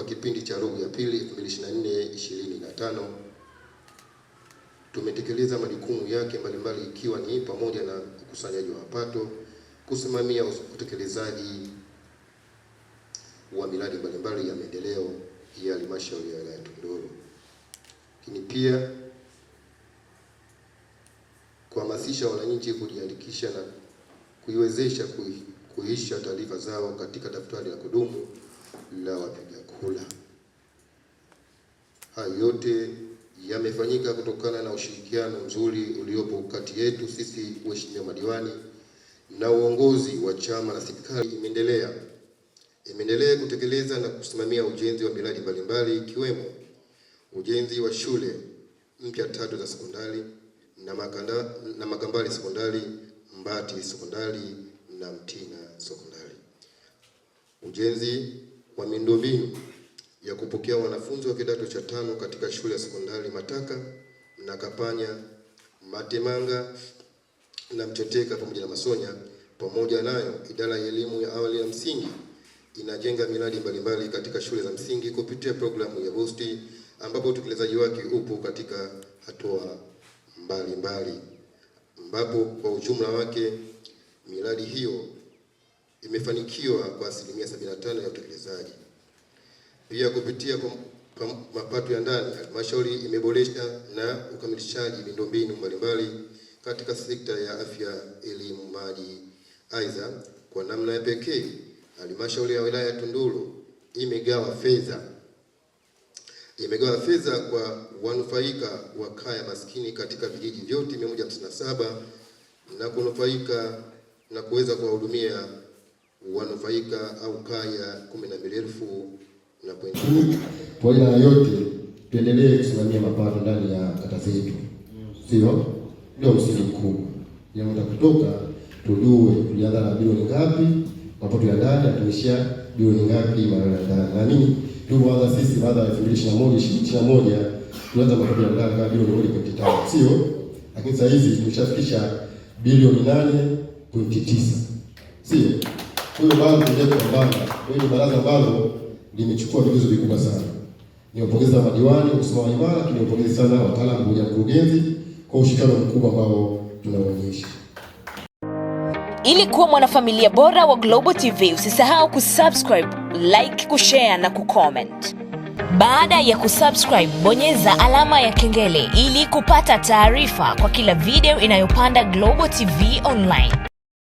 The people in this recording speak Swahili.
kwa kipindi cha robo ya pili 2024 2025 tumetekeleza majukumu yake mbalimbali ikiwa ni pamoja na ukusanyaji wa mapato, kusimamia utekelezaji wa miradi mbalimbali ya maendeleo ya halmashauri ya wilaya ya Tunduru, lakini pia kuhamasisha wananchi kujiandikisha na kuiwezesha kuisha taarifa zao katika daftari la kudumu la wapiga kula Hayo yote yamefanyika kutokana na ushirikiano mzuri uliopo kati yetu sisi waheshimiwa madiwani na uongozi wa chama na serikali. Imeendelea imeendelea kutekeleza na kusimamia ujenzi wa miradi mbalimbali ikiwemo ujenzi wa shule mpya tatu za sekondari na makanda, na Makambali sekondari, Mbati sekondari na Mtina sekondari, ujenzi wa miundombinu ya kupokea wanafunzi wa kidato cha tano katika shule ya sekondari Mataka, Mnakapanya, Matemanga na Mteteka pamoja na Masonya. Pamoja nayo, idara ya elimu ya awali ya msingi inajenga miradi mbalimbali katika shule za msingi kupitia programu ya BOOST ambapo utekelezaji wake upo katika hatua mbalimbali, ambapo kwa ujumla wake miradi hiyo imefanikiwa kwa asilimia 75 ya utekelezaji. Pia kupitia kwa mapato ya ndani, halmashauri imeboresha na ukamilishaji miundombinu mbalimbali katika sekta ya afya, elimu, maji. Aidha, kwa namna ya pekee halmashauri ya wilaya ya Tunduru imegawa fedha imegawa fedha kwa wanufaika wa kaya maskini katika vijiji vyote 157 na kunufaika na kuweza kuwahudumia wanufaika au kaya kumi na mbili elfu na pointi. Pamoja na yote, tuendelee kusimamia mapato ndani ya kata zetu, sio ndio msingi mkubwa. Inaenda kutoka tujue tulianza na bilioni ngapi mapato ya ndani na tuishia bilioni ngapi mapato ya ndani. Na Naamini tulipoanza sisi baada ya 2021 2021 tulianza mapato ya ndani kama bilioni 1.5, sio lakini sasa hizi tumeshafikisha bilioni 8.9, sio huyo bado tujapambana. Hili baraza ambalo limechukua vigezo vikubwa sana. Niwapongeza madiwani kusimama imara, lakini niwapongeze sana wataalamu wa mkurugenzi kwa ushirikiano mkubwa ambao tunaonyesha. Ili kuwa mwanafamilia bora wa Global TV, usisahau kusubscribe, like, kushare na kucomment. Baada ya kusubscribe, bonyeza alama ya kengele ili kupata taarifa kwa kila video inayopanda Global TV Online.